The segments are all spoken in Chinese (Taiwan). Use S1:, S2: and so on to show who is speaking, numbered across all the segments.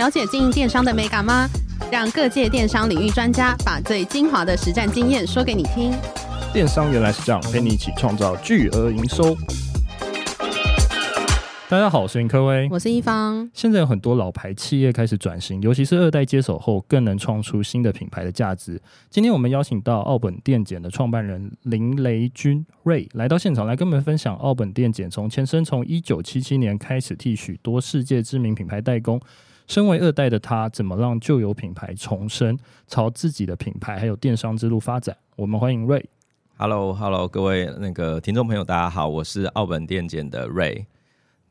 S1: 了解經營電商的美感嗎？讓各界電商領域專家把最精華的實戰經驗說給你聽。
S2: 電商原來是這樣，陪你一起創造巨額營收。大家好，我是林克威，
S1: 我是一方。
S2: 現在有很多老牌企業開始轉型，尤其是二代接手後，更能創出新的品牌的價值。今天我們邀請到奧本電剪的創辦人林雷鈞 Ray 來到現場，來跟我們分享奧本電剪從前身從一九七七年開始替許多世界知名品牌代工。身為二代的他，怎麼讓舊有品牌重生，朝自己的品牌還有電商之路發展？我們歡迎 Ray。
S3: Hello，Hello，hello, 各位那個聽眾朋友，大家好，我是奧本電剪的 Ray。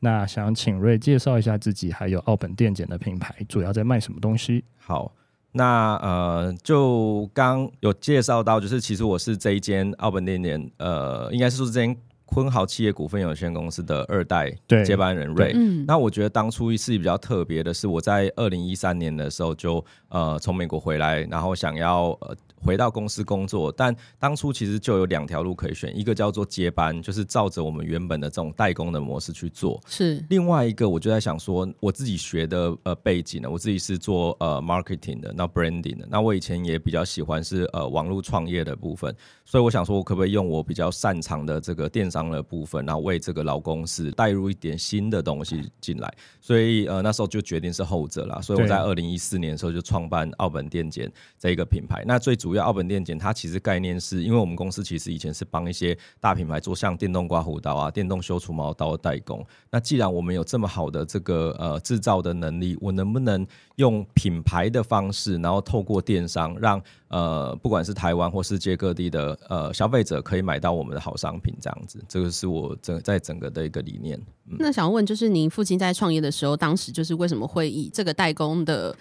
S2: 那想請 Ray 介紹一下自己，還有奧本電剪的品牌主要在賣什麼東西？好，
S3: 那呃，就剛有介紹到，就是其實我是這一間奧本電剪，呃，應該是說這間。坤豪企業股份有限公司的二代接班人 Ray，那我覺得當初一次比較特別的是，我在二零一三年的時候就呃從美國回來，然後想要、呃。回到公司工作，但當初其實就有兩條路可以選，一個叫做接班，就是照着我們原本的這種代工的模式去做；是另外一個，我就在想說，我自己學的呃背景呢，我自己是做呃 marketing 的，那 branding 的，那我以前也比較喜歡是呃網絡創業的部分，所以我想說，我可不可以用我比較擅長的這個電商的部分，然後為這個老公司帶入一點新的東西進來？嗯、所以呃那時候就決定是後者啦，所以我在二零一四年的時候就創辦奧本電剪這一個品牌，對那最主。主要奧本電剪它其實概念是因為我們公司其實以前是幫一些大品牌做像電動刮鬍刀啊、電動修除毛刀代工。那既然我們有這麼好的這個呃製造的能力，我能不能用品牌的方式，然後透過電商讓呃不管是台灣或世界各地的呃消費者可以買到我們的好商品？這樣子，這個是我整在整個的一個理念。
S1: 嗯、那想問，就是您父親在創業的時候，當時就是為什麼會以這個代工的？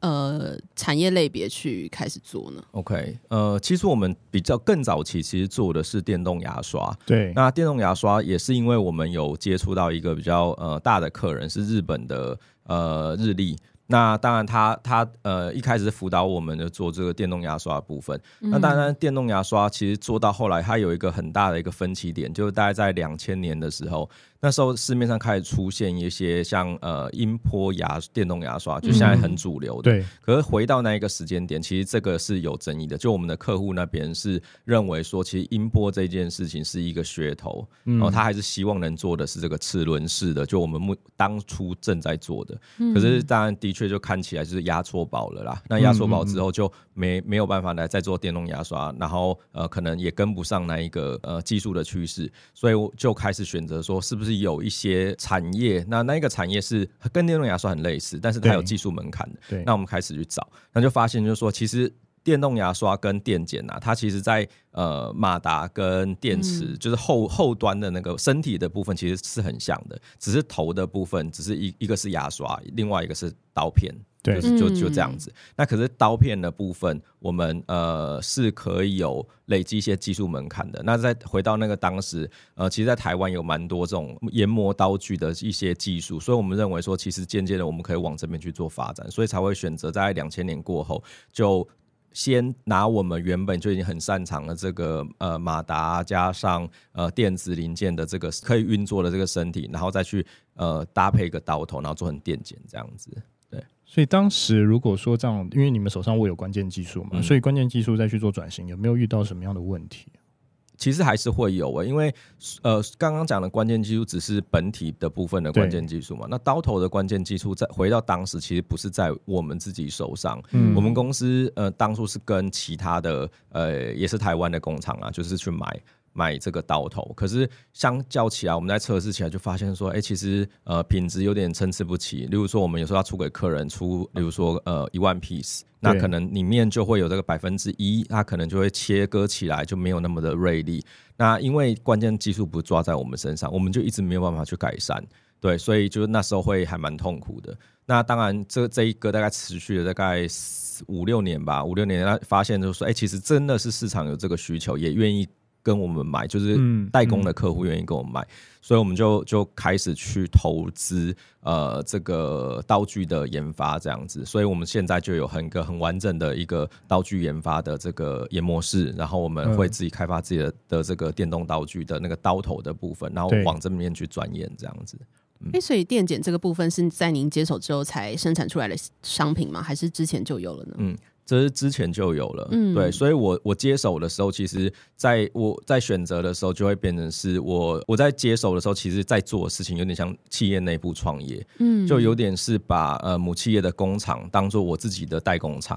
S1: 呃，產業類別去開始做呢
S3: ？OK，呃，其實我們比較更早期，其實做的是電動牙刷。對，那電動牙刷也是因為我們有接觸到一個比較呃大的客人是日本的呃日立。嗯、那當然他，他他呃一開始輔導我們就做這個電動牙刷的部分。嗯、那當然，電動牙刷其實做到後來，它有一個很大的一個分歧點，就是大概在兩千年的時候。那時候市面上開始出現一些像呃音波牙電動牙刷，就現在很主流的。嗯、對。可是回到那一個時間點，其實這個是有爭議的。就我們的客戶那邊是認為說，其實音波這件事情是一個噱頭，然後、嗯哦、他還是希望能做的是這個齒輪式的，就我們目當初正在做的。嗯、可是當然的確就看起來就是壓錯寶了啦。那壓錯寶之後就沒嗯嗯沒有辦法來再做電動牙刷，然後呃可能也跟不上那一個呃技術的趨勢，所以我就開始選擇說是不是，是有一些產業，那那一個產業是跟電動牙刷很類似，但是它有技術門檻的。對，那我們開始去找，對那就發現就是說，其實電動牙刷跟電剪啊，它其實在呃馬達跟電池，嗯、就是後後端的那個身體的部分，其實是很像的，只是頭的部分，只是一一個是牙刷，另外一個是刀片。就是就就這樣子，嗯、那可是刀片的部分，我們呃是可以有累積一些技術門檻的。那再回到那個當時，呃，其實，在台灣有蠻多這種研磨刀具的一些技術，所以我們認為說，其實漸漸的我們可以往這邊去做發展，所以才會選擇在兩千年過後，就先拿我們原本就已經很擅長的這個呃馬達，加上呃電子零件的這個可以運作的這個身體，然後再去呃搭配一個刀頭，然後做成電剪這樣子。
S2: 所以當時如果說這樣，因為你們手上握有關鍵技術嘛，所以關鍵技術再去做轉型，有沒有遇到什麼樣的問題？
S3: 其實還是會有誒、欸，因為呃，剛剛講的關鍵技術只是本體的部分的關鍵技術嘛，對那刀頭的關鍵技術再回到當時其實不是在我們自己手上，嗯、我們公司呃當初是跟其他的呃也是台灣的工廠啊，就是去買。買這個刀頭，可是相較起來，我們在測試起來就發現說，哎、欸，其實呃品質有點參差不齊。例如說，我們有時候要出給客人出，比如說呃一萬 piece，對那可能裡面就會有這個百分之一，它可能就會切割起來就沒有那麼的銳利。那因為關鍵技術不抓在我們身上，我們就一直沒有辦法去改善，對，所以就是那時候會還蠻痛苦的。那當然這，這這一個大概持續了大概五六年吧，五六年，那發現就是說，哎、欸，其實真的是市場有這個需求，也願意。跟我們買，就是代工的客戶願意跟我們買，嗯嗯、所以我們就就開始去投資呃這個刀具的研發這樣子，所以我們現在就有很個很完整的一個刀具研發的這個研模式，然後我們會自己開發自己的的這個電動刀具的那個刀頭的部分，然後往這裡面去鑽研這樣子。
S1: 對嗯、所以電剪這個部分是在您接手之後才生產出來的商品嗎？還是之前就有了呢？嗯。
S3: 這是之前就有了，嗯、對，所以我我接手的時候，其實在我在選擇的時候，就會變成是我我在接手的時候，其實在做的事情有點像企業內部創業，嗯，就有點是把呃母企業的工廠當作我自己的代工廠。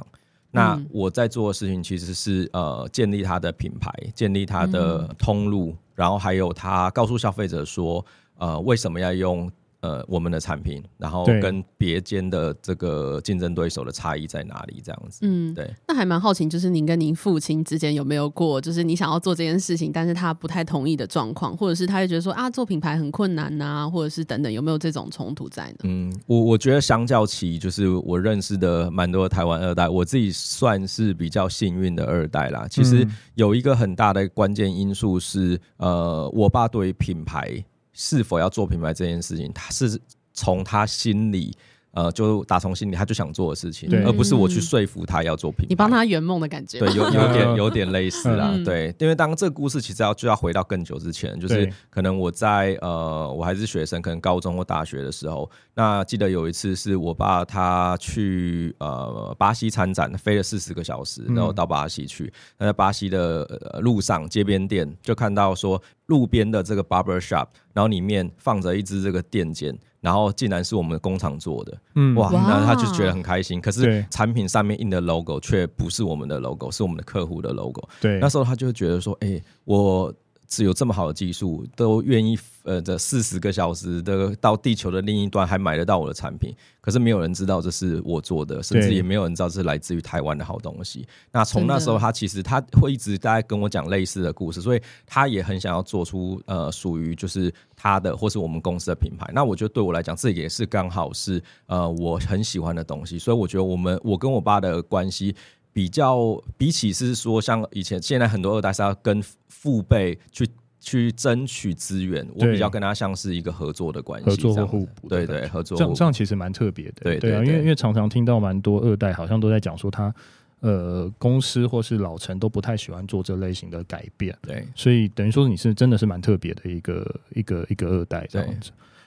S3: 嗯、那我在做的事情其實是呃建立它的品牌，建立它的通路，嗯、然後還有它告訴消費者說呃為什麼要用。呃，我們的產品，然後跟別間的這個競爭對手的差異在哪裡？這樣子，對嗯，
S1: 對。那還蠻好奇，就是您跟您父親之間有沒有過，就是你想要做這件事情，但是他不太同意的狀況，或者是他會覺得說啊，做品牌很困難吶、啊，或者是等等，有沒有這種衝突在呢？嗯，我
S3: 我覺得相較起，就是我認識的蠻多的台灣二代，我自己算是比較幸運的二代啦。其實有一個很大的關鍵因素是，嗯、呃，我爸對於品牌。是否要做品牌這件事情，他是從他心裡，呃，就打從心裡，他就想做的事情，嗯、而不是我去說服他要做品
S1: 牌。你幫他圓夢的感覺，對，有有點有
S3: 點類似啊。嗯、對，因為當這個故事其實要就要回到更久之前，就是可能我在對呃我還是學生，可能高中或大學的時候，那記得有一次是我爸他去呃巴西參展，飛了四十個小時，然後到巴西去。嗯、他在巴西的、呃、路上，街邊店就看到說路邊的這個 barber shop，然後裡面放着一只這個電剪。然後竟然是我們的工廠做的，嗯、哇！哇，然後他就覺得很開心。可是產品上面印的 logo 卻不是我們的 logo，是我們的客戶的 logo。對，那時候他就覺得說：“哎、欸，我。”只有這麼好的技術，都願意呃，這四十個小時的到地球的另一端還買得到我的產品，可是沒有人知道這是我做的，甚至也沒有人知道這是來自於台灣的好東西。對那從那時候，他其實他會一直在跟我講類似的故事，真的所以他也很想要做出呃屬於就是他的或是我們公司的品牌。那我覺得對我來講，這也是剛好是呃我很喜歡的東西，所以我覺得我們我跟我爸的關係。比較比起，是說，像以前現在很多二代是要跟父輩去去爭取資源，對我比較跟他像是一個合作的關係，合作互補。對，對對，合作這樣，這樣其實
S2: 蠻特別的，欸，對對，對，對，對啊，因為因為常常聽到蠻多二代好像都在講說他，他呃公司或是老臣都不太喜歡做這類型的改變，對，所以等於說你是真的是蠻特別的一個一個一個二代這樣子。哎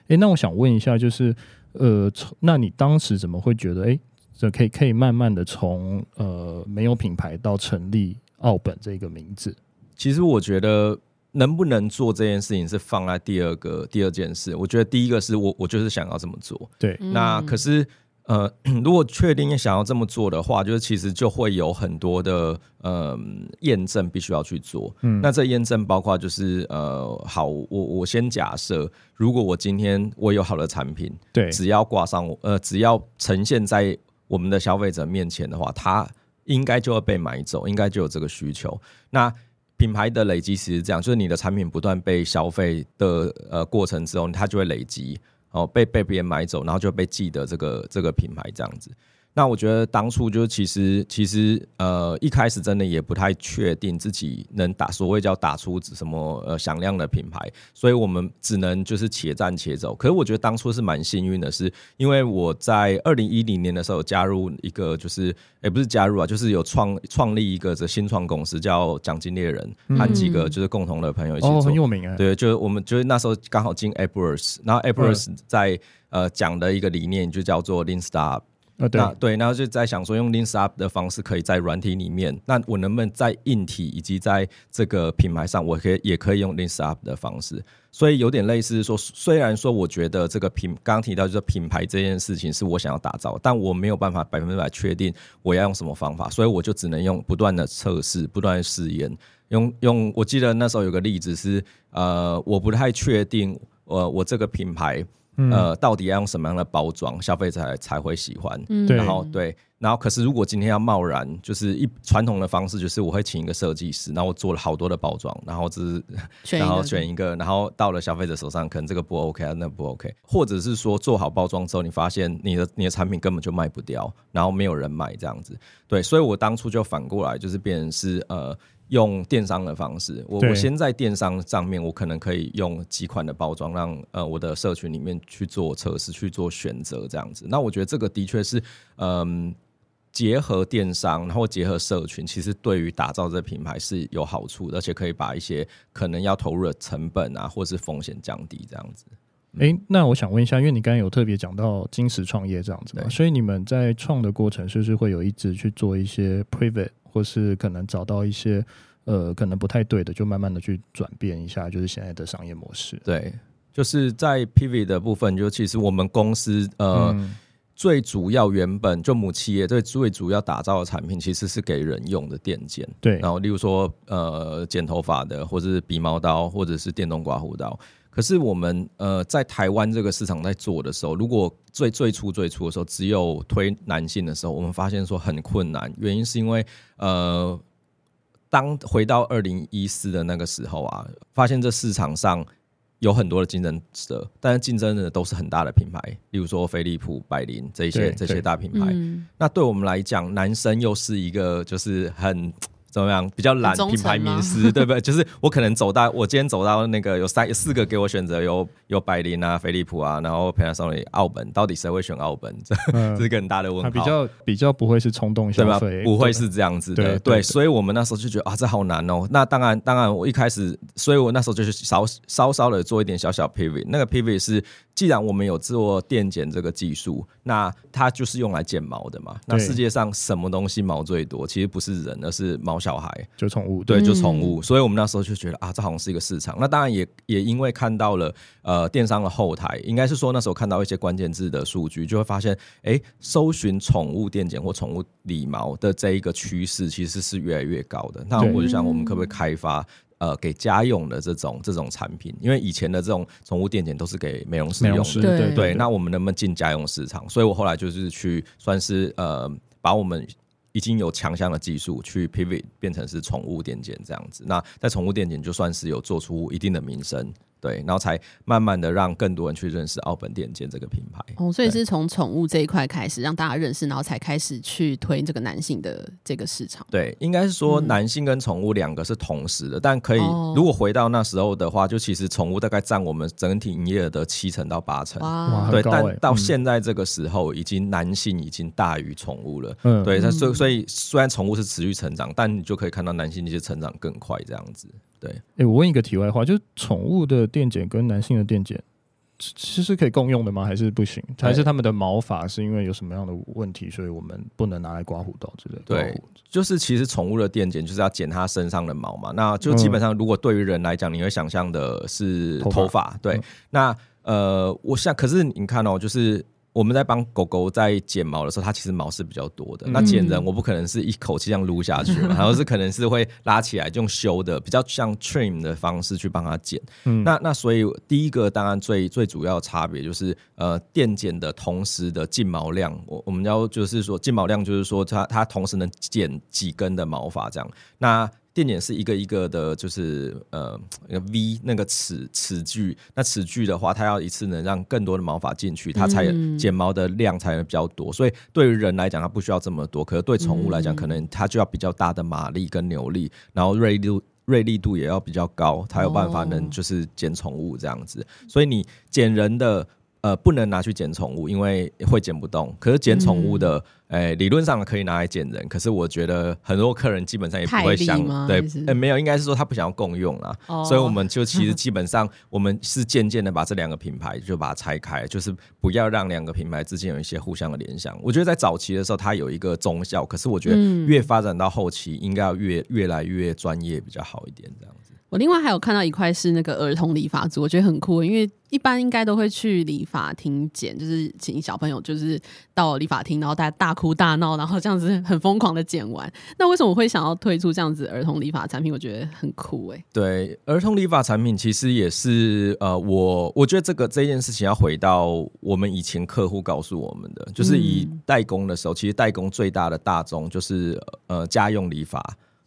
S2: 對、欸，那我想問一下，就是呃，那你當時怎麼會覺得哎？欸就可以可以慢慢的從呃沒有品牌到成立奧本這一個名字。
S3: 其實我覺得能不能做這件事情是放在第二個第二件事。我覺得第一個是我我就是想要這麼做。對，那可是呃如果確定想要這麼做的話，嗯、就是其實就會有很多的呃驗證必須要去做。嗯,那這驗證包括就是呃好，我我先假設如果我今天我有好的產品，對，只要掛上呃只要呈現在我們的消費者面前的話，他應該就會被買走，應該就有這個需求。那品牌的累積其實是這樣，就是你的產品不斷被消費的呃過程之後，它就會累積，哦，被被別人買走，然後就被記得這個這個品牌這樣子。那我覺得當初就是其實其實呃一開始真的也不太確定自己能打，所謂叫打出什麼呃響亮的品牌，所以我們只能就是且戰且走。可是我覺得當初是蠻幸運的是，是因為我在二零一零年的時候加入一個就是也、欸、不是加入啊，就是有創創立一個這新創公司叫獎金獵人，和幾個就是共同的朋友一起做、嗯嗯哦，很有名啊、欸。對，就是我們就是那時候剛好進 AppWorks，然後 AppWorks 在、嗯、呃講的一個理念就叫做 Lean Start 那、oh, 對，然後就在想說，用 lins up 的方式可以在軟體裡面。那我能不能在硬體以及在這個品牌上，我可以也可以用 lins up 的方式？所以有點類似說，雖然說我覺得這個品剛剛提到就是品牌這件事情是我想要打造，但我沒有辦法百分之百確定我要用什麼方法，所以我就只能用不斷的測試、不斷試驗。用用，我記得那時候有個例子是，呃，我不太確定呃，我這個品牌。嗯、呃，到底要用什麼樣的包裝，消費者才會喜歡？嗯、然後對，然後可是如果今天要貿然，就是一傳統的方式，就是我會請一個設計師，然後我做了好多的包裝，然後只、就是然後選一個，嗯、然後到了消費者手上，可能這個不 OK，那不 OK，或者是說做好包裝之後，你發現你的你的產品根本就賣不掉，然後沒有人買這樣子。對，所以我當初就反過來，就是變成是呃。用電商的方式，我對我先在電商上面，我可能可以用幾款的包裝，讓呃我的社群裡面去做測試、去做選擇這樣子。那我覺得這個的確是，嗯，結合電商，然後結合社群，其實對於打造這品牌是有好處的，而且可以把一些可能要投入的成本啊，或是風險降低這樣子。
S2: 誒、嗯欸，那我想問一下，因為你剛剛有特別講到精實創業這樣子對所以你們在創的過程，是不是會有一直去做一些 private？或是可能找到一些呃，可能不太對的，就慢慢的去轉變一下，就是現在的商
S3: 業模式。對，就是在 pivot 的部分，尤其是我們公司呃、嗯、最主要原本就母企業最最主要打造的產品，其實是給人用的電剪。對，然後例如說呃剪頭髮的，或者是鼻毛刀，或者是電動刮鬍刀。可是我們呃，在台灣這個市場在做的時候，如果最最初最初的時候只有推男性的時候，我們發現說很困難，原因是因為呃，當回到二零一四的那個時候啊，發現這市場上有很多的競爭者，但是競爭者都是很大的品牌，例如說飛利浦、百靈，這些對對對，這些大品牌。嗯，那對我們來講，男生又是一個就是很。怎麼樣？比較懶，品牌迷思，對不對？就是我可能走到，我今天走到那個有三有四個給我選擇，有有百靈啊、飛利浦啊，然後 Panasonic 澳本，到底誰會選澳本？這，嗯、
S2: 這是個
S3: 很大的問題。比較
S2: 比較不會是衝動消費對吧？不會是這樣子的。對，
S3: 所以，我們那時候就覺得啊，這好難哦。那當然，當然，我一開始，所以我那時候就是稍稍稍的做一點小小 pivot 那個 pivot 是，既然我們有做電剪這個技術，那它就是用來剪毛的嘛。那世界上什麼東西毛最多？其實不是人，而是毛。小孩就寵物，對，就寵物，嗯，所以我們那時候就覺得啊，這好像是一個市場。那當然也也因為看到了呃電商的後台，應該是說那時候看到一些關鍵字的數據，就會發現，哎，搜尋寵物電剪或寵物理毛的這一個趨勢其實是越來越高的。那我就想，我們可不可以開發呃給家用的這種這種產品？因為以前的這種寵物電剪都是給美容師用的，美容師，對對對。對對對，那我們能不能進家用市場？所以我後來就是去算是呃把我們。已經有強項的技術去 pivot 變成是寵物電剪這樣子，那在寵物電剪就算是有做出一定的名聲。對，然後才慢慢的讓更多人去認識奧本電剪這個品牌。
S1: 哦，所以是從寵物這一塊開始讓大家認識，然後才開始去推這個男性的這個市場。對，應
S3: 該是說男性跟寵物兩個是同時的，嗯、但可以、哦、如果回到那時候的話，就其實寵物大概占我們整體營業的七成到八成。哇，對，欸、但到現在這個時候，嗯、已經男性已經大於寵物了。嗯，對，那所所以雖然寵物是持續成長，但你就可以看到男性那些成長更快這樣子。對，
S2: 哎、欸，我問一個題外話，就是寵物的電剪跟男性的電剪，其實是可以共用的嗎？還是不行？還是他們的毛髮是因為有什麼樣的問題，所以我們不能拿來刮鬍刀之類的？對，
S3: 對，就是其實寵物的電剪就是要剪它身上的毛嘛，那就基本上如果對於人來講，你會想象的是頭髮，嗯、對，那呃，我想，可是你看哦、喔，就是。我們在幫狗狗在剪毛的時候，它其實毛是比較多的。那剪人，我不可能是一口氣這樣擼下去，嗯嗯，然後是可能是會拉起來，用修的比較像 trim 的方式去幫它剪。嗯、那那所以第一個當然最最主要的差別就是，呃，電剪的同時的進毛量，我我們要就是說進毛量，就是說它它同時能剪幾根的毛髮這樣。那電剪是一個一個的，就是呃，V 那個齒齒鋸，那齒鋸的話，它要一次能讓更多的毛髮進去，它才剪毛的量才能比較多。嗯、所以對於人來講，它不需要這麼多，可是對寵物來講，嗯、可能它就要比較大的馬力跟扭力，然後銳度銳利度也要比較高，才有辦法能就是剪寵物這樣子。哦、所以你剪人的。呃，不能拿去剪寵物，因為會剪不動。可是剪寵物的，哎、嗯呃，理論上可以拿來剪人。可是我覺得很多客人基本上也不會想，就是、對、呃，沒有，應該是說他不想要共用啦。哦、所以我們就其實基本上我們是漸漸的把這兩個品牌就把它拆開，呵呵就是不要讓兩個品牌之間有一些互相的聯想。我覺得在早期的時候，它有一個綜效，可是我覺得越發展到後期，應該要越越來越專業比較好一點，這樣。
S1: 我另外還有看到一塊是那個兒童理髮組，我覺得很酷欸，因為一般應該都會去理髮廳剪，就是請小朋友就是到理髮廳，然後大家大哭大鬧，然後這樣子很瘋狂的剪完。那為什麼會想要推出這樣子兒童理髮產品？我覺得很酷哎
S3: 欸。對，兒童理髮產品其實也是呃，我我覺得這個這件事情要回到我們以前客戶告訴我們的，嗯，就是以代工的時候，其實代工最大的大宗就是呃家用理髮。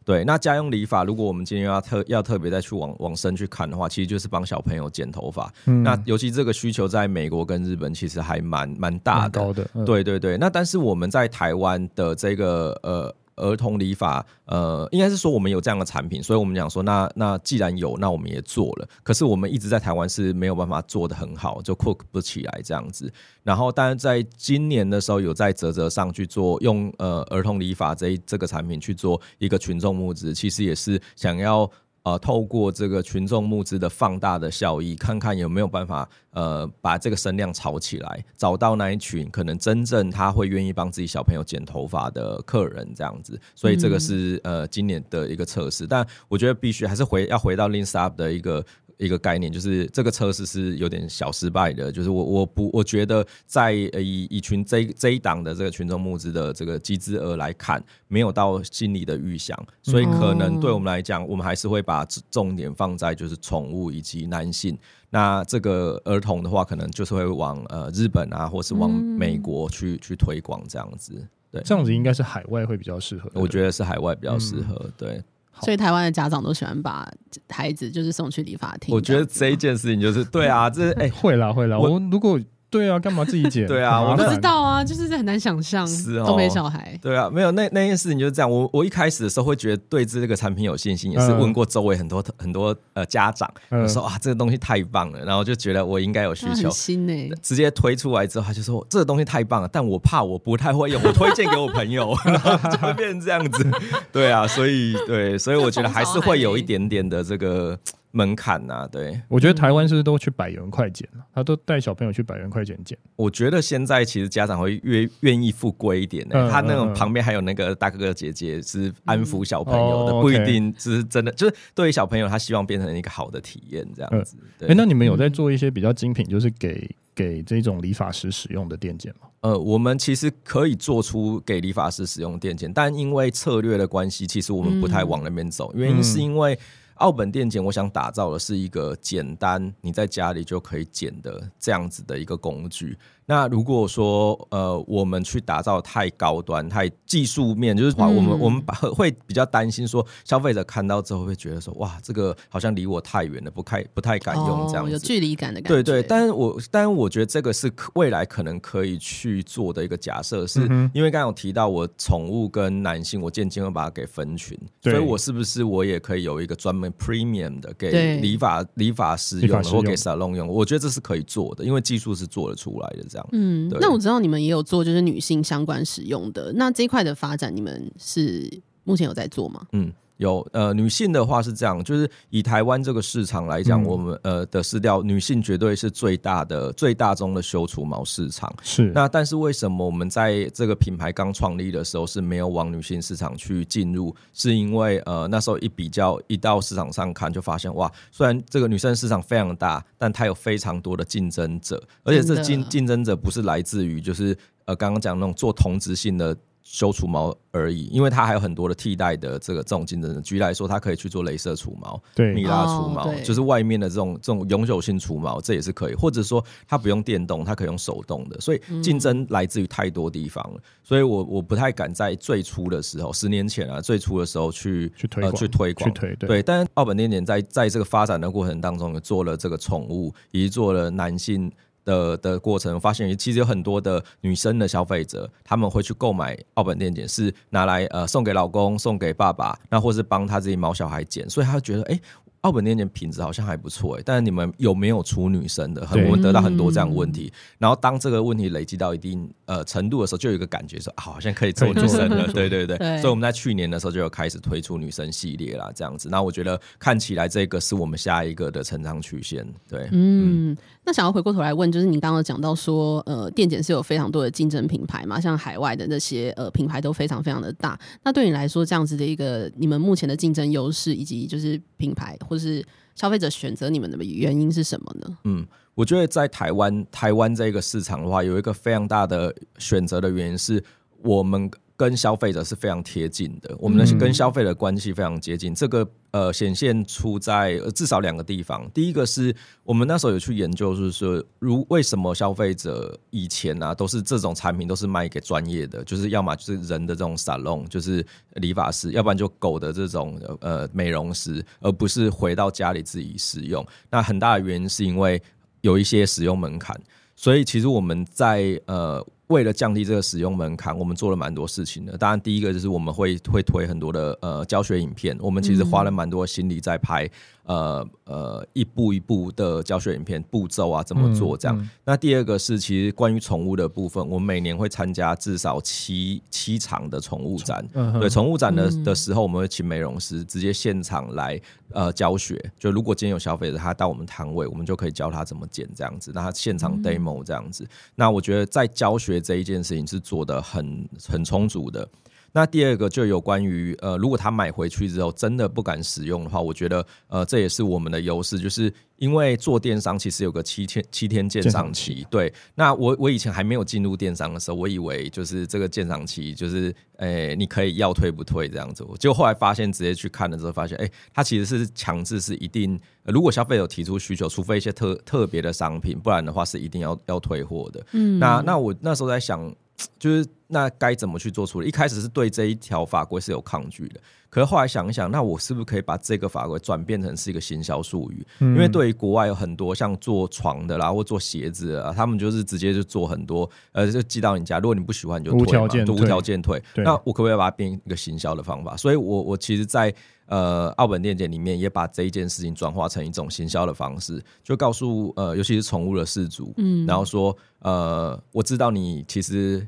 S3: 對，那家用理髮，如果我們今天要特要特別再去往往深去看的話，其實就是幫小朋友剪頭髮。嗯、那尤其這個需求在美國跟日本其實還蠻蠻大的。高的，嗯、對對對。那但是我們在台灣的這個呃。兒童理髮，呃，應該是說我們有這樣的產品，所以我們講說那，那那既然有，那我們也做了。可是我們一直在台灣是沒有辦法做得很好，就 cook 不起來這樣子。然後，但是在今年的時候，有在嘖嘖上去做，用呃兒童理髮這一這個產品去做一個群眾募資，其實也是想要。呃，透過這個群眾募資的放大的效益，看看有沒有辦法呃，把這個聲量炒起來，找到那一群可能真正他會願意幫自己小朋友剪頭髮的客人這樣子。所以這個是、嗯、呃今年的一個測試，但我覺得必須還是回要回到 Link Up 的一個。一個概念，就是這個測試是有點小失敗的，就是我我不我覺得在一一群這一檔的這個群眾募資的這個集資額來看，沒有到心裡的預想，所以可能對我們來講，嗯、我們還是會把重點放在就是寵物以及男性。那這個兒童的話，可能就是會往呃日本啊，或是往美國去、嗯、去推廣這樣子。對，
S2: 這樣子應該是海外會比較適
S3: 合。我覺得是海外比較適合。對。嗯對。
S1: 所以台灣的家長都喜歡把孩子就是送去理髮廳。
S3: 我覺得這一件事情就是對啊，這是哎、欸、會啦會啦。我，我如果。對啊，幹嘛自己剪？對啊，我不知
S1: 道啊，就是很難想象，是哦、都沒小孩。
S3: 對啊，沒有那那件事情就是這樣。我我一開始的時候會覺得對這個產品有信心，嗯、也是問過周圍很多很多呃家長，嗯、說啊這個東西太棒了，然後就覺得我應該有需求，很新誒，直接推出來之後，他就說這個東西太棒了，但我怕我不太會用，我推薦給我朋友， 然後就會變成這樣子。對啊，所以對，所以我覺得還是會有一點點的這個。門檻吶、啊，對
S2: 我覺得台灣是不是都去百元快剪？啊嗯、他都帶小朋友去百元快剪剪。
S3: 我覺得現在其實家長會越願意付貴一點的，欸，嗯嗯嗯，他那種旁邊還有那個大哥哥姐姐是安撫小朋友的，嗯哦，不一定是真的，嗯、就是對於小朋友他希望變成一個好的體驗這樣子，嗯對欸。那你們有
S2: 在做一些比較精品，就是給給這種理髮師使用的電剪嗎？
S3: 呃、嗯，我們其實可以做出給理髮師使用電剪，但因為策略的關係，其實我們不太往那邊走，原因是因為。奧本電剪，我想打造的是一個簡單，你在家裡就可以剪的這樣子的一個工具。那如果說呃，我們去打造太高端，太技術面，就是話，我們、嗯、我們會比較擔心說，消費者看到之後會覺得說，哇，這個好像離我太遠了，不太不太敢用這樣子，哦，有距
S1: 離感的。感覺。對對，
S3: 但我但我覺得這個是可未來可能可以去做的一個假設是，是，嗯、哼因為剛剛有提到我寵物跟男性，我間接會把它給分群，對所以我是不是我也可以有一個專門 premium 的給理髮對理髮師用，或給沙龍用，用？我覺得這是可以做的，因為技術是做得出來的。嗯，那我
S1: 知道你們也有做就是女性相關使用的，那這一塊的發展你們是目前有在做嗎？嗯。
S3: 有呃，女性的話是這樣，就是以台灣這個市場來講，嗯、我們呃的市調女性絕對是最大的，最大宗的修除毛市場，是那但是為什麼我們在這個品牌剛創立的時候是沒有往女性市場去進入？是因為呃那時候一比較一到市場上看，就發現哇，雖然這個女生市場非常大，但它有非常多的競爭者，而且這競的競爭者不是來自於就是呃剛剛講的那種做同質性的。修除毛而已，因為它還有很多的替代的這個這種競爭的。舉例來說，它可以去做雷射除毛，對，蜜蠟除毛，oh, 對就是外面的這種這種永久性除毛，這也是可以。或者說，它不用電動，它可以用手動的。所以競爭來自於太多地方了。嗯、所以我我不太敢在最初的時候，十年前啊，最初的時候去去推廣、呃、去推廣對，對。但是奧本那年，年在在這個發展的過程當中，做了這個寵物，以及做了男性。的的過程，發現其實有很多的女生的消費者，他們會去購買奧本電剪，是拿來呃送給老公、送給爸爸，那或是幫他自己毛小孩剪，所以他覺得哎。欸奧本店的品質好像還不錯哎、欸，但是你們有沒有出女生的？我們對得到很多這樣的問題。嗯、然後當這個問題累積到一定呃程度的時候，就有一個感覺說，啊、好像可以做女生了。生了 對對對。對，所以我們在去年的時候就有開始推出女生系列了，這樣子。那我覺得看起來這個是我們下一個的成長曲線。
S1: 對，嗯。嗯，那想要回過頭來問，就是您剛剛講到說，呃，電剪是有非常多的競爭品牌嘛？像海外的那些呃品牌都非常非常的大。那對你來說，這樣子的一個你們目前的競爭優勢，以及就是品牌或就是消費者選擇你們的原因是什麼呢？嗯，
S3: 我覺得在台灣，台灣這個市場的話，有一個非常大的選擇的原因是我們。跟消費者是非常貼近的，我們跟消費者關係非常接近。嗯、這個呃顯現出在至少兩個地方，第一個是我們那時候有去研究，就是說，如為什麼消費者以前啊都是這種產品都是賣給專業的，就是要麼就是人的這種沙龍，就是理髮師，要不然就狗的這種呃美容師，而不是回到家裡自己使用。那很大的原因是因為有一些使用門檻，所以其實我們在呃。為了降低這個使用門檻，我們做了蠻多事情的。當然，第一個就是我們會會推很多的呃教學影片，我們其實花了蠻多的心力在拍。嗯呃呃，一步一步的教學影片步驟啊，怎麼做這樣？嗯嗯、那第二個是其實關於寵物的部分，我們每年會參加至少七七場的寵物展。嗯嗯、對，寵物展的的時候，我們會請美容師直接現場來呃教學。就如果今天有消費者他到我們攤位，我們就可以教他怎麼剪這樣子，那他現場 demo 這樣子。嗯、那我覺得在教學這一件事情是做得很很充足的。那第二個就有關於，呃，如果他買回去之後真的不敢使用的話，我覺得，呃，這也是我們的優勢，就是因為做電商其實有個七天七天鑑賞期。期。對，那我我以前還沒有進入電商的時候，我以為就是這個鑑賞期，就是誒、欸、你可以要退不退這樣子。結果後來發現，直接去看了之後發現，哎、欸，它其實是強制是一定，呃，如果消費者提出需求，除非一些特特別的商品，不然的話是一定要要退貨的。嗯，那那我那時候在想。就是那該怎麼去做處理？一開始是對這一條法規是有抗拒的。可是後來想一想，那我是不是可以把這個法規轉變成是一個行銷術語？嗯、因為對於國外有很多像做床的啦，或做鞋子啊，他們就是直接就做很多，呃，就寄到你家。如果你不喜歡你就退就無條件退。件退對 那我可不可以把它變一個行銷的方法？所以我，我我其實在，在呃奧本電剪裡面也把這一件事情轉化成一種行銷的方式，就告訴呃，尤其是寵物的飼主，嗯、然後說呃，我知道你其實。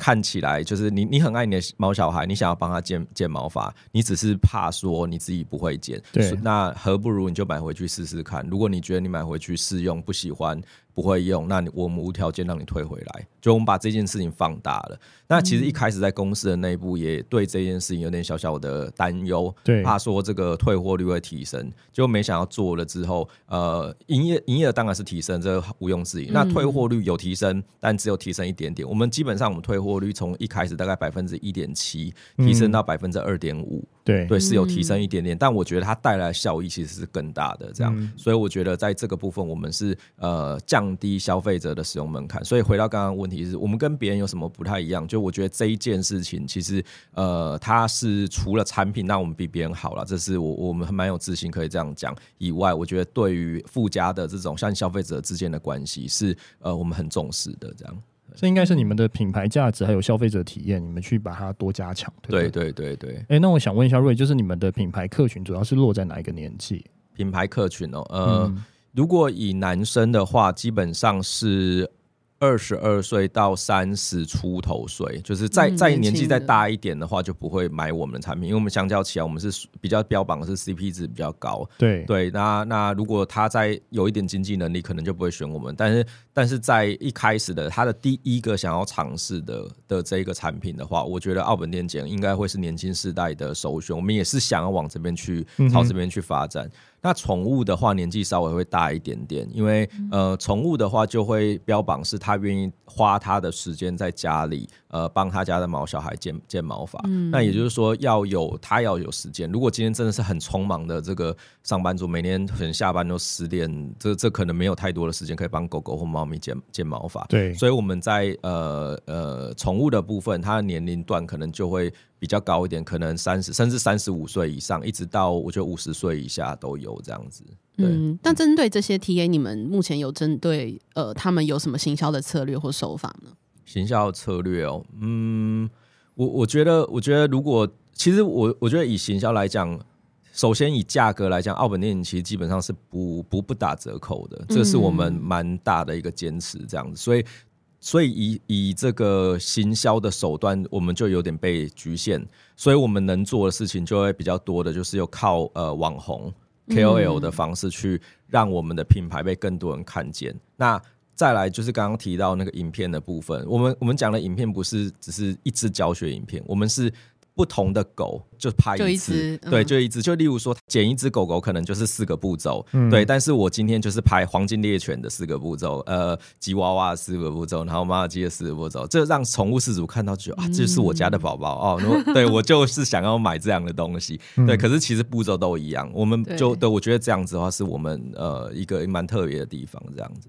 S3: 看起來就是你，你很愛你的毛小孩，你想要幫他剪剪毛髮，你只是怕說你自己不會剪。對，那何不如你就買回去試試看？如果你覺得你買回去試用不喜歡。不會用，那你我們無條件讓你退回來。就我們把這件事情放大了。那其實一開始在公司的內部也對這件事情有點小小的擔憂，對，怕說這個退貨率會提升，結果沒想要做了之後，呃，營業營業的當然是提升，這個毋庸置疑。嗯、那退貨率有提升，但只有提升一點點。我們基本上我們退貨率從一開始大概百分之一點七提升到百分之二點五。嗯對，對是有提升一點點，嗯、但我覺得它帶來的效益其實是更大的，這樣，嗯、所以我覺得在這個部分，我們是呃降低消費者的使用門檻。所以回到剛剛問題是我們跟別人有什麼不太一樣？就我覺得這一件事情，其實呃它是除了產品，讓我們比別人好了，這是我我們還蠻有自信可以這樣講以外，我覺得對於附加的這種像消費者之間的關係，是呃我們很重視的，這樣。
S2: 這應該是你們的品牌價值，還有消費者體驗，你們去把它多加強。對不對？
S3: 對對對
S2: 對。誒，那我想問一下 Ray，就是你們
S3: 的品牌客群主要是落在哪一個年紀？品牌客群哦，呃，嗯，如果以男生的話，基本上是。二十二歲到三十出頭歲，就是再再，嗯、再年紀再大一點的話，的就不會買我們的產品，因為我們相較起來，我們是比較標榜的是 CP 值比較高。對，對那那如果他在有一點經濟能力，可能就不會選我們。但是但是在一開始的他的第一個想要嘗試的的這個產品的話，我覺得奧本電剪應該會是年輕世代的首選。我們也是想要往這邊去，朝這邊去發展。嗯那寵物的話，年紀稍微會大一點點，因為、嗯、呃，寵物的話就會標榜是他願意花他的時間在家裡，呃，幫他家的毛小孩剪剪毛髮。嗯、那也就是說，要有他要有時間。如果今天真的是很匆忙的這個上班族，每天可能下班都十點，這這可能沒有太多的時間可以幫狗狗或貓咪剪剪毛髮。對，所以我們在呃呃寵物的部分，它的年齡段可能就會比較高一點，可能三十甚至三十五歲以上，一直到我覺得五十歲以下都有這樣子。
S1: 嗯，但針對這些 TA，你們目前有針對呃他們有什麼行銷的策略或手法呢？
S3: 行銷策略哦，嗯，我我覺得，我覺得如果其實我我覺得以行銷來講，首先以價格來講，奧本電剪其實基本上是不不不打折扣的，嗯，這是我們蠻大的一個堅持這樣子，所以。所以以以這個行銷的手段，我們就有點被局限，所以我們能做的事情就會比較多的，就是有靠呃網紅 KOL 的方式去讓我們的品牌被更多人看見。嗯。那再來就是剛剛提到那個影片的部分，我們我們講的影片不是只是一支教學影片，我們是。不同的狗就拍一隻，一嗯、對，就一隻。就例如說，撿一隻狗狗可能就是四個步驟，嗯、對。但是我今天就是拍黃金獵犬的四個步驟，呃，吉娃娃的四個步驟，然後瑪爾濟斯的四個步驟。這讓寵物飼主看到就、嗯、啊，這是我家的寶寶哦，對，我就是想要買這樣的東西。嗯、對，可是其實步驟都一樣，我們就對，對我覺得這樣子的話，是我們呃一個蠻特別的地方，這樣子。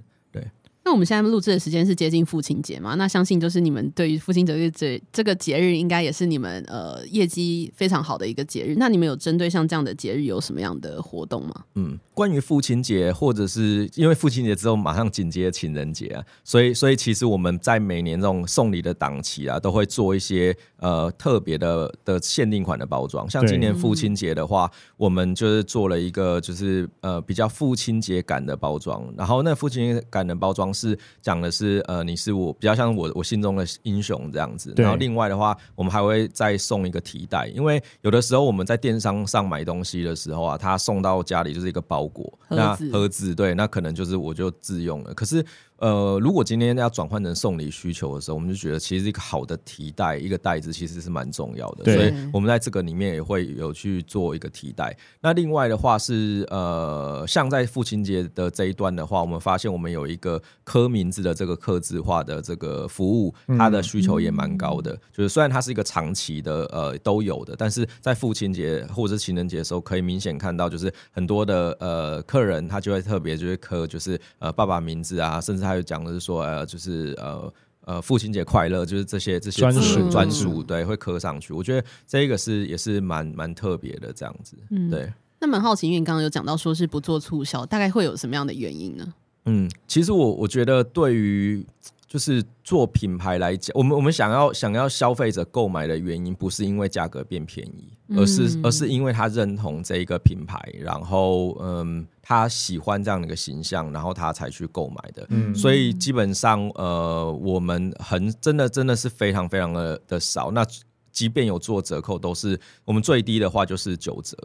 S1: 那我們現在錄製的時間是接近父親節嘛，那相信就是你們對於父親節這這個節日，應該也是你們呃業績非常好的一個節日。那你們有針對像這樣的節日有什麼樣的活動嗎？
S3: 嗯，關於父親節，或者是因為父親節之後馬上緊接情人節啊，所以所以其實我們在每年這種送禮的檔期啊，都會做一些呃特別的的限定款的包裝。像今年父親節的話，對我們就是做了一個就是呃比較父親節感的包裝，然後那父親節感的包裝。是講的是呃，你是我比較像我我心中的英雄這樣子。對然後另外的話，我們還會再送一個提袋，因為有的時候我們在電商上上買東西的時候啊，它送到家裡就是一個包裹，盒子那盒子對，那可能就是我就自用了。可是。呃，如果今天要轉換成送禮需求的時候，我們就覺得其實一個好的提袋、一個袋子其實是蠻重要的，對所以我們在這個裡面也會有去做一個提袋。那另外的話是呃，像在父親節的這一段的話，我們發現我們有一個刻名字的這個刻字化的這個服務，它的需求也蠻高的。嗯、就是雖然它是一個長期的呃都有的，但是在父親節或者是情人節的時候，可以明顯看到就是很多的呃客人他就會特別就會刻就是、就是、呃爸爸名字啊，甚至。還有講的是說，呃就是呃呃父親節快樂，就是這些這些專屬專屬，對，會刻上去，我覺得這個是也是蠻蠻特別的這樣
S1: 子，嗯、對。那蠻好奇，因為你剛剛有講到說是不做促銷，大概會有什麼樣的原因呢？嗯，
S3: 其實我我覺得對於就是做品牌來講，我們我們想要想要消費者購買的原因，不是因為價格變便宜。而是而是因為他認同這一個品牌，然後嗯，他喜歡這樣的一個形象，然後他才去購買的。嗯、所以基本上呃，我們很真的真的是非常非常的的少。那即便有做折扣，都是我們最低的話就是九折。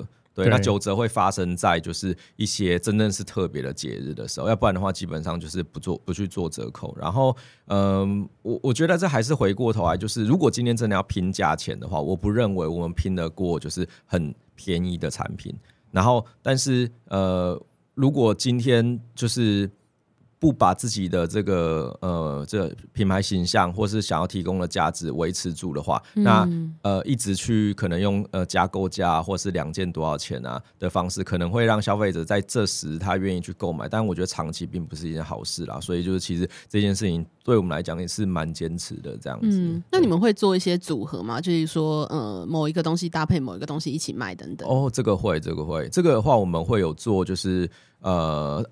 S3: 對，那九折會發生在就是一些真正是特別的節日的時候，要不然的話基本上就是不做不去做折扣。然後，嗯、呃，我我覺得這還是回過頭來，就是如果今天真的要拼價錢的話，我不認為我們拼得過就是很便宜的產品。然後，但是呃，如果今天就是。不把自己的這個呃，這個、品牌形象或是想要提供的價值維持住的話，嗯、那呃，一直去可能用呃加購價、啊、或是兩件多少錢啊的方式，可能會讓消費者在這時他願意去購買，但我覺得長期並不是一件好事啦。所以就是其實這件事情對我們來講也是蠻堅持的這樣子。
S1: 嗯、對那你們會做一些組合嗎？就是說呃，某一個東西搭配某一個東西一起賣等等。哦，
S3: 這個會，這個會，這個的話我們會有做，就是呃。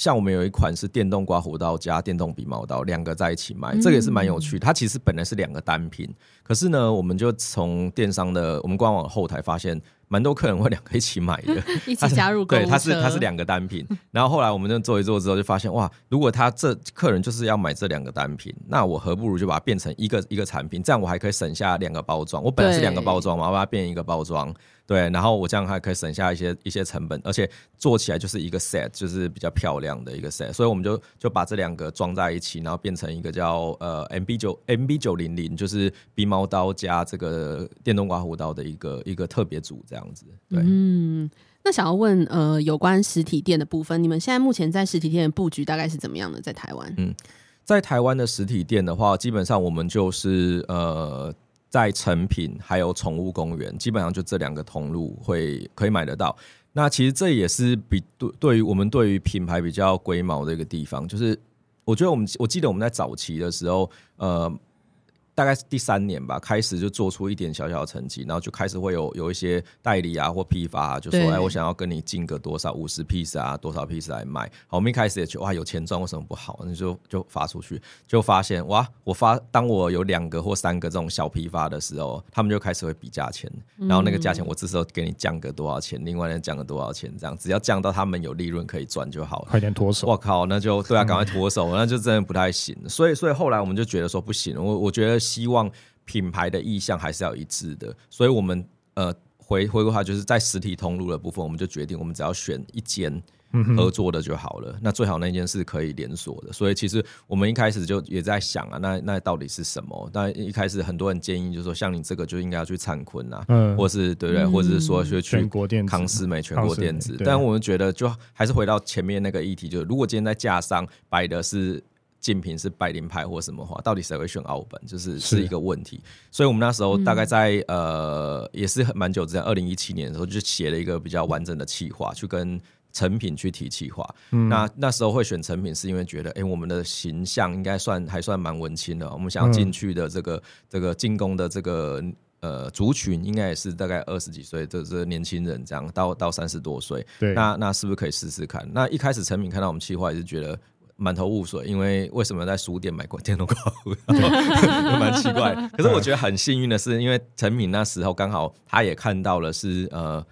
S3: 像我們有一款是電動刮鬍刀加電動鼻毛刀，兩個在一起賣，這個也是蠻有趣的。嗯、它其實本來是兩個單品，可是呢，我們就從電商的我們官網的後台發現，蠻多客人會兩個一起買的， 一起加入。對，它是它是兩個單品，然後後來我們就做一做之後，就發現哇，如果他這客人就是要買這兩個單品，那我何不如就把它變成一個一個產品，這樣我還可以省下兩個包裝。我本來是兩個包裝嘛，對我把它變一個包裝。對，然後我這樣還可以省下一些一些成本，而且做起來就是一個 set，就是比較漂亮的一個 set，所以我們就就把這兩個裝在一起，然後變成一個叫呃 M B 九 M B 九零零，MB 9, MB 900, 就是鼻毛刀加這個電動刮鬍刀的一個一個特別組這樣子。
S1: 對，嗯，那想要問呃有關實體店的部分，你們現在目前在實體店的布局大概是怎麼樣的？在台灣，嗯，
S3: 在台灣的實體店的話，基本上我們就是呃。在成品、還有寵物公園，基本上就這兩個通路會可以買得到。那其實這也是比對，對於我們，對於品牌比較龜毛的一個地方，就是我覺得我們我記得我們在早期的時候，呃。大概是第三年吧，開始就做出一點小小的成績，然後就開始會有有一些代理啊或批发、啊，就說哎對，我想要跟你進個多少五十 piece 啊，多少 piece 來賣。好，我們一開始也覺得哇，有錢賺為什麼不好？那就就發出去，就發現哇，我发當我有兩個或三個這種小批發的時候，他們就開始會比價錢，然後那個價錢我這時候給你降個多少錢，嗯、另外人降個多少錢，這樣只要降到他們有利潤可以賺就好了。快點脫手！我靠，那就對啊，趕快脫手，嗯、那就真的不太行。所以所以後來我們就覺得說不行，我我覺得。希望品牌的意向還是要一致的，所以，我們呃回回歸化，就是在實體通路的部分，我們就決定，我們只要選一間合作的就好了。嗯、哼 那最好那一間是可以連鎖的。所以，其實我們一開始就也在想啊，那那到底是什麼？但一開始很多人建議，就是說像你這個就應該要去燦坤啊，嗯、或是對不對，嗯、或者是說去去國電、康是美、全國電子。但我們覺得，就還是回到前面那個議題，就是如果今天在架上擺的是。競品，是百靈牌或什麼話，到底誰會選奧本？就是是一個問題。是所以，我們那時候大概在、嗯、呃，也是很蠻久之前，二零一七年的時候就寫了一個比較完整的企劃，去跟誠品去提企劃。嗯、那那時候會選誠品，是因為覺得，哎、欸，我們的形象應該算還算蠻文青的。喔。我們想要進去的這個、嗯、這個進攻的這個呃族群，應該也是大概二十幾歲就是年輕人這樣，到到三十多歲。對那那是不是可以試試看？那一開始誠品看到我們企劃，也是覺得。滿頭霧水，因為為什麼在書店買過電動刮鬍刀，蠻對 奇怪。 可是我覺得很幸運的是，因為陳敏那時候剛好他也看到了是呃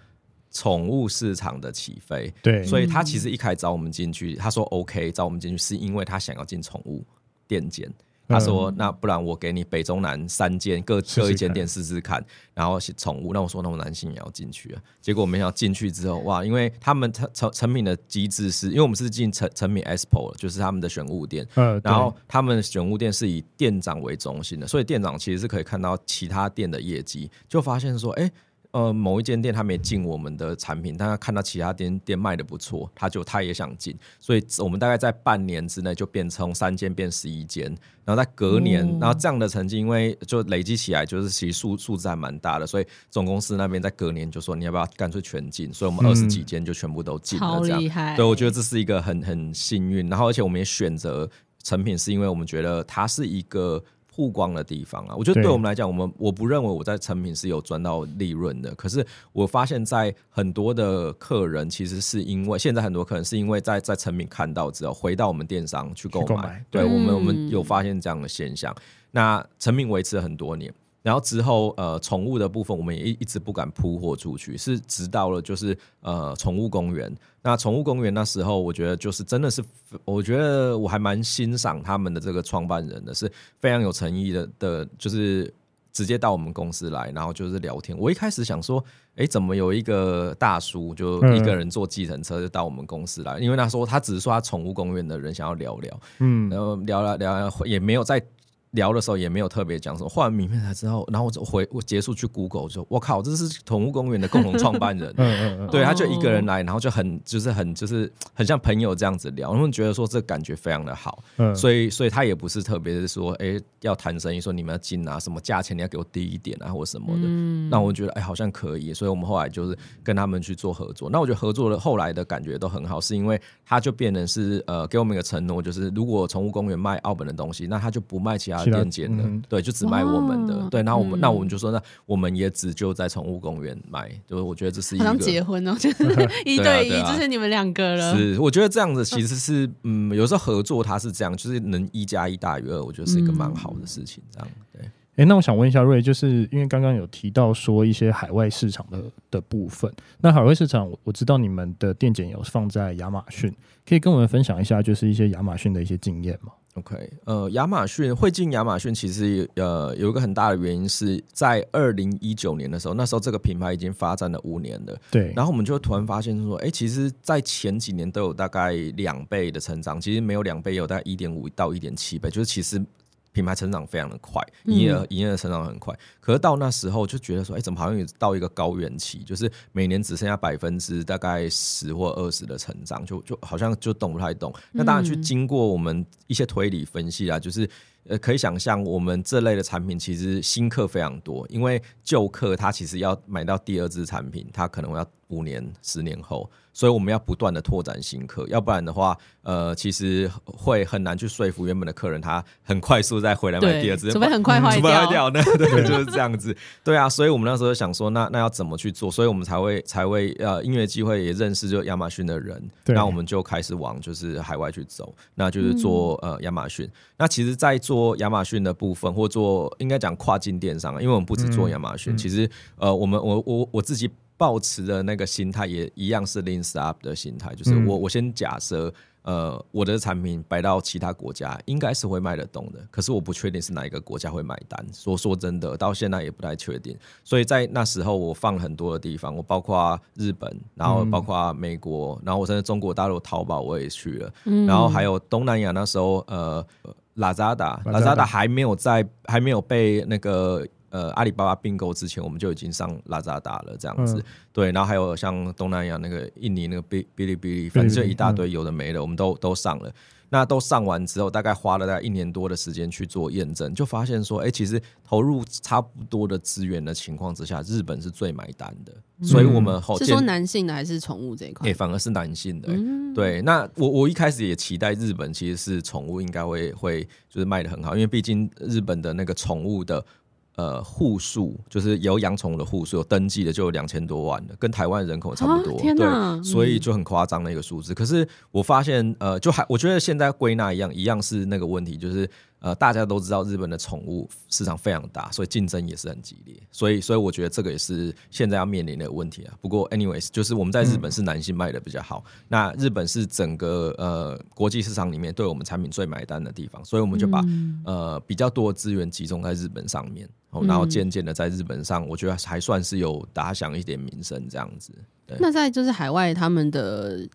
S3: 寵物市場的起飛，對 所以他其實一開始找我們進去，嗯、他說 OK 找我們進去，是因為他想要進寵物電剪。他說：“那不然我給你北中南三間各各一間店試試看，試試看然後是寵物。那我說，那我男性也要進去啊。結果沒想到進去之後，哇！因為他們成成成品的機制是，因為我們是進成成品 Expo 就是他們的選物店。然後他們選物店是以店長為中心的，所以店長其實是可以看到其他店的業績，就發現說，哎。”呃，某一間店他沒進我們的產品，但他看到其他店店賣的不錯，他就他也想進，所以我們大概在半年之內就變成三間變十一間，然後在隔年，嗯、然後這樣的成績，因為就累積起來，就是其實數數字還蠻大的，所以總公司那邊在隔年就說，你要不要乾脆全進，所以我們二十幾間就全部都進了，這樣，嗯、好害，對，我覺得這是一個很很幸運，然後而且我們也選擇成品是因為我們覺得它是一個。曝光的地方啊，我覺得對我們來講，對我們我不認為我在誠品是有賺到利潤的。可是我發現，在很多的客人，其實是因為現在很多客人是因為在在誠品看到之後，回到我們電商去購買，買，對我們對、嗯、我們有發現這樣的現象。那誠品維持了很多年。然後之後，呃，寵物的部分我們也一一直不敢鋪貨出去，是直到了就是呃，寵物公園。那寵物公園那時候，我覺得就是真的是，我覺得我還蠻欣賞他們的這個創辦人的是非常有誠意的的，就是直接到我們公司來，然後就是聊天。我一開始想說，哎，怎麼有一個大叔就一個人坐計程車就到我們公司來？嗯、因為他說他只是說他寵物公園的人想要聊聊，嗯，然後聊了聊聊也沒有在。聊的時候也沒有特別講什麼，換名片了之後，然後我就回我結束去 Google，我說我靠，這是寵物公園的共同創辦人， 嗯嗯嗯，對，他就一個人來，然後就很就是很、就是、很就是很像朋友這樣子聊，他們覺得說這感覺非常的好，嗯、所以所以他也不是特別是說哎、欸、要談生意，說你們要進啊，什麼價錢你要給我低一點啊或什麼的，嗯、那我覺得哎、欸、好像可以，所以我們後來就是跟他們去做合作，那我覺得合作的後來的感覺都很好，是因為他就變成是呃給我們一個承諾，就是如果寵物公園賣奧本的東西，那他就不賣其他。電剪、啊、他的、嗯、對，就只賣我們的哇對，那我們、嗯、那我們就說那我們也只就在寵物公園賣，就我覺得這是一個像結
S1: 婚哦、喔，就是一對，一，就是你們兩個人。 啊啊、是，
S3: 我覺得這樣子其實是嗯，有時候合作它是這樣，就是能一加一大於二，我覺得是一個蠻好的事情，這樣、嗯、對。
S2: 哎、欸，那我想問一下 Ray，就是因為剛剛有提到說一些海外市場的的部分，那海外市場，我知道你們的電剪有放在亞馬遜，可以跟我們分享一下，就是一些亞馬遜的一些經驗嗎？OK，呃，
S3: 亞馬遜會進亞馬遜，其實呃有一個很大的原因是在二零一九年的時候，那時候這個品牌已經發展了五年了，對，然後我們就突然發現說，哎、欸，其實，在前幾年都有大概兩倍的成長，其實沒有兩倍，有大概一點五到一點七倍，就是其實。品牌成長非常的快，營業額營業額成長很快，嗯、可是到那時候就覺得說，哎、欸，怎麼好像也到一個高原期，就是每年只剩下百分之大概十或二十的成長，就就好像就懂不太懂。那當然去經過我們一些推理分析啦、啊，嗯、就是呃，可以想象我們這類的產品其實新客非常多，因為舊客他其實要買到第二支產品，他可能要五年、十年後。所以我們要不斷的拓展新客，要不然的話，呃，其實會很難去說服原本的客人，他很快速再回來買第二次，除非對很快快、嗯、買掉呢，那 對，就是這樣子。對啊，所以我們那時候就想說，那那要怎麼去做？所以我們才會才會呃，因為機會因緣際會也認識就亞馬遜的人，那對我們就開始往就是海外去走，那就是做、嗯、呃亞馬遜。那其實，在做亞馬遜的部分，或做應該講跨境電商，啊，因為我們不止做亞馬遜，嗯、其實呃，我們我我我自己。抱持的那個心態也一樣是 Lean Startup 的心態，就是我我先假設，呃，我的產品擺到其他國家應該是會賣得動的，可是我不確定是哪一個國家會買單。說說真的，到現在也不太確定。所以在那時候，我放很多的地方，我包括日本，然後包括美國，嗯、然後我甚至中國大陸淘寶我也去了，嗯、然後還有東南亞那時候，呃，拉扎達，拉扎達還沒有在，還沒有被那個。呃，阿里巴巴併購之前，我們就已經上拉扎達了，這樣子、嗯、對，然後還有像東南亞那個印尼那個嗶嗶哩嗶哩，反正一大堆有的沒的，嗯、我們都都上了。那都上完之後，大概花了大概一年多的時間去做驗證，就發現說，哎、欸，其實投入差不多的資源的情況之下，日本是最買單的。所以我們好、嗯哦、是說
S1: 男性的還是寵物這一塊？
S3: 對、欸，反而是男性的、欸。嗯、對，那我我一開始也期待日本其實是寵物應該會會就是賣得很好，因為畢竟日本的那個寵物的。呃，戶數就是有養寵物的戶數有登記的就有兩千多萬的，跟台灣人口差不多，啊、對，所以就很誇張的一個數字。嗯、可是我發現，呃，就還我覺得現在歸納一樣一樣是那個問題，就是。呃，大家都知道日本的寵物市場非常大，所以競爭也是很激烈。所以，所以我覺得這個也是現在要面臨的問題啊。不過，anyways，就是我們在日本是男性賣的比較好。嗯、那日本是整個呃國際市場裡面對我們產品最買單的地方，所以我們就把、嗯、呃比較多的資源集中在日本上面，哦、然後漸漸的在日本上，嗯、我覺得還算是有打響一點名聲這樣子。
S1: 對，那在就是海外他們的。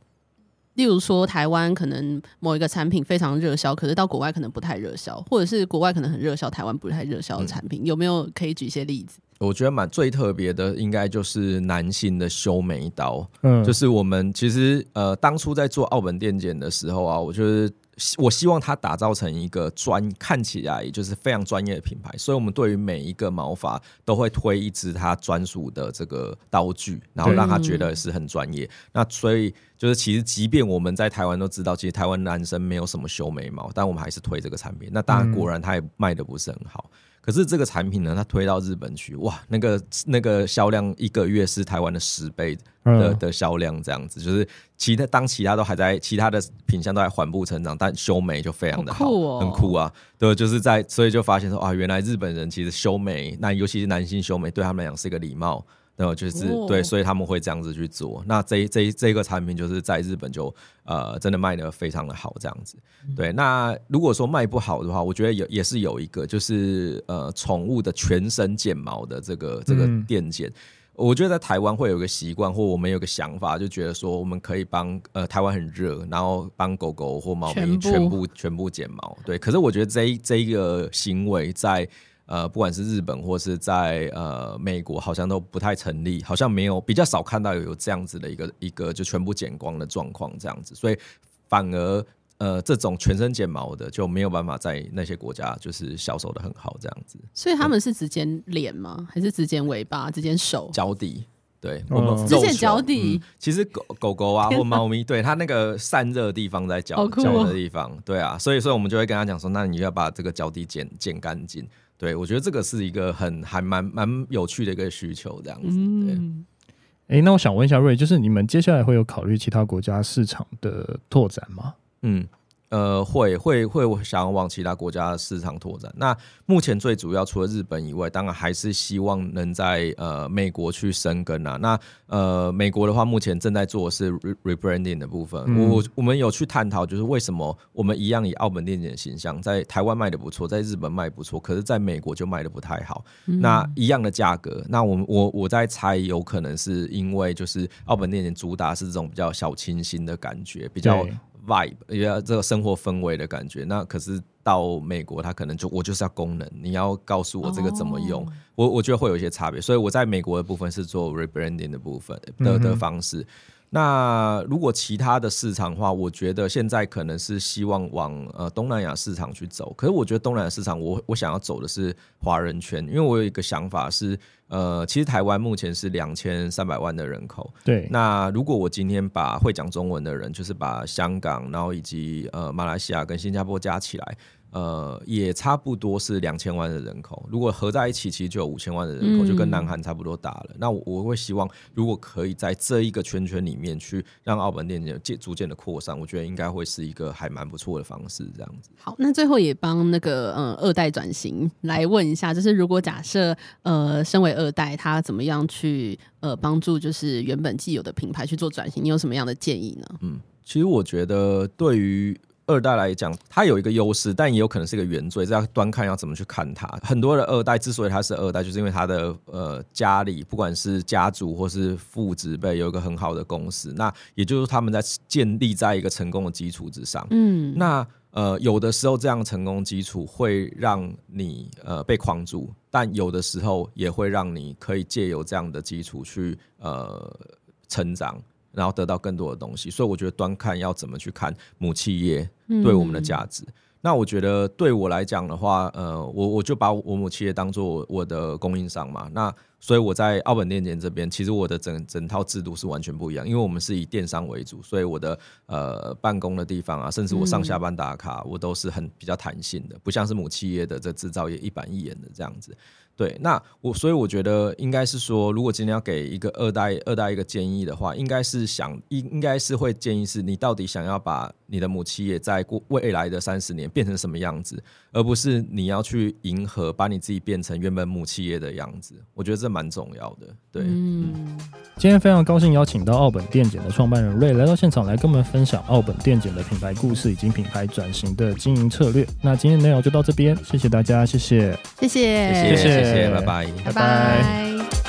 S1: 例如說，台灣可能某一個產品非常熱銷，可是到國外可能不太熱銷，或者是國外可能很熱銷，台灣不太熱銷的產品，嗯、有沒有可以舉一些例子？
S3: 我覺得蠻最特別的，應該就是男性的修眉刀，嗯，就是我們其實呃當初在做奧本電剪的時候啊，我覺得。我希望它打造成一個專看起來，就是非常專業的品牌。所以，我們對於每一個毛髮都會推一支它專屬的這個刀具，然後讓他覺得是很專業。嗯、那所以就是，其實即便我們在台灣都知道，其實台灣男生沒有什麼修眉毛，但我們還是推這個產品。那當然，果然它也賣得不是很好。嗯可是這個產品呢，它推到日本去，哇，那個那個銷量一個月是台灣的十倍的、嗯、的銷量，這樣子，就是其他當其他都還在，其他的品項都還緩步成長，但修眉就非常的好好酷、哦，很酷啊，對，就是在，所以就發現說，啊，原來日本人其實修眉，那尤其是男性修眉，對他們來講是一個禮貌。然後、no, 就是、oh. 對，所以他們會這樣子去做。那這這這一個產品就是在日本就呃真的賣得非常的好，這樣子。嗯、對，那如果說賣不好的話，我覺得也也是有一個，就是呃寵物的全身剪毛的這個這個電剪，嗯、我覺得在台灣會有一個習慣，或我們有一個想法，就覺得說我們可以幫呃台灣很熱，然後幫狗狗或貓咪全部全部，全部剪毛。對，可是我覺得這一這一個行為在。呃，不管是日本或是在呃美國，好像都不太成立，好像沒有比較少看到有這樣子的一個一個就全部剪光的狀況這樣子，所以反而呃這種全身剪毛的就沒有辦法在那些國家就是銷售的很好這樣子。
S1: 所以他們是只剪臉嗎？嗯、還是只剪尾巴？只剪手？腳底、嗯？
S3: 對我們只剪腳底，其實狗狗狗啊 或貓咪，對它那個散熱地方在腳腳酷、喔、的地方，對啊，所以所以我們就會跟他講說，那你要把這個腳底剪剪乾淨。對，我覺得這個是一個很還蠻蠻有趣的一個需求，這樣
S1: 子。哎，嗯，
S2: 對，欸，那我想問一下 Ray，就是你們接下來會有考慮其他國家市場的拓展嗎？嗯。
S3: 呃，會會會想往其他國家市場拓展。那目前最主要除了日本以外，當然還是希望能在呃美國去生根啊。那呃美國的話，目前正在做的是 rebranding 的部分。嗯、我我們有去探討，就是為什麼我們一樣以奧本電剪的形象在台灣賣的不錯，在日本賣不錯，可是在美國就賣的不太好。嗯、那一樣的價格，那我我我在猜，有可能是因為就是奧本電剪主打是這種比較小清新的感覺，比較。vibe，也要這個生活氛圍的感覺。那可是到美國，他可能就，我就是要功能，你要告訴我這個怎麼用，哦、我我覺得會有一些差別。所以我在美國的部分是做 rebranding 的部分的，嗯、哼的方式。那如果其他的市場的話，我覺得現在可能是希望往呃東南亞市場去走。可是我覺得東南亞市場我，我我想要走的是華人圈，因為我有一個想法是，呃，其實台灣目前是兩千三百萬的人口。對。那如果我今天把會講中文的人，就是把香港，然後以及呃馬來西亞跟新加坡加起來。呃，也差不多是兩千萬的人口，如果合在一起，其實就有五千萬的人口，就跟南韓差不多大了。嗯、那我我會希望，如果可以在這一個圈圈裡面去讓奧本店有逐漸的擴散，我覺得應該會是一個還蠻不錯的方式。這樣子。
S1: 好，那最後也幫那個呃、嗯、二代轉型來問一下，嗯、就是如果假設呃，身為二代，他怎麼樣去呃幫助，就是原本既有的品牌去做轉型？你有什麼樣的建議呢？嗯，
S3: 其實我覺得對於。二代來講，它有一個優勢，但也有可能是一個原罪，這要端看要怎麼去看它。很多的二代之所以他是二代，就是因為他的呃家裡，不管是家族或是父子輩，有一個很好的公司，那也就是他們在建立在一個成功的基礎之上。嗯，那呃有的時候這樣成功的基礎會讓你呃被框住，但有的時候也會讓你可以借由這樣的基礎去呃成長。然後得到更多的東西，所以我覺得端看要怎麼去看母企業對我們的價值。嗯嗯，那我覺得對我來講的話，呃，我我就把我母企業當做我的供應商嘛。那所以我在奧本電剪這邊，其實我的整整套制度是完全不一樣，因為我們是以電商為主，所以我的呃辦公的地方啊，甚至我上下班打卡，嗯嗯，我都是很比較彈性的，不像是母企業的這制造業一板一眼的這樣子。對，那我所以我覺得應該是說，如果今天要給一個二代二代一個建議的話，應該是想應應該是會建議是你到底想要把你的母企業在過未來的三十年變成什麼樣子？而不是你要去迎合，把你自己變成原本母企業的樣子，我覺得這蠻重要的。
S1: 對，嗯，嗯，
S2: 今天非常高興邀請到奧本電剪的創辦人 Ray 來到現場，來跟我們分享奧本電剪的品牌故事以及品牌轉型的經營策略。那今天的內容就到這邊，謝謝大家，謝謝，
S1: 謝謝，謝謝，謝
S2: 謝，謝謝拜拜，
S1: 拜拜。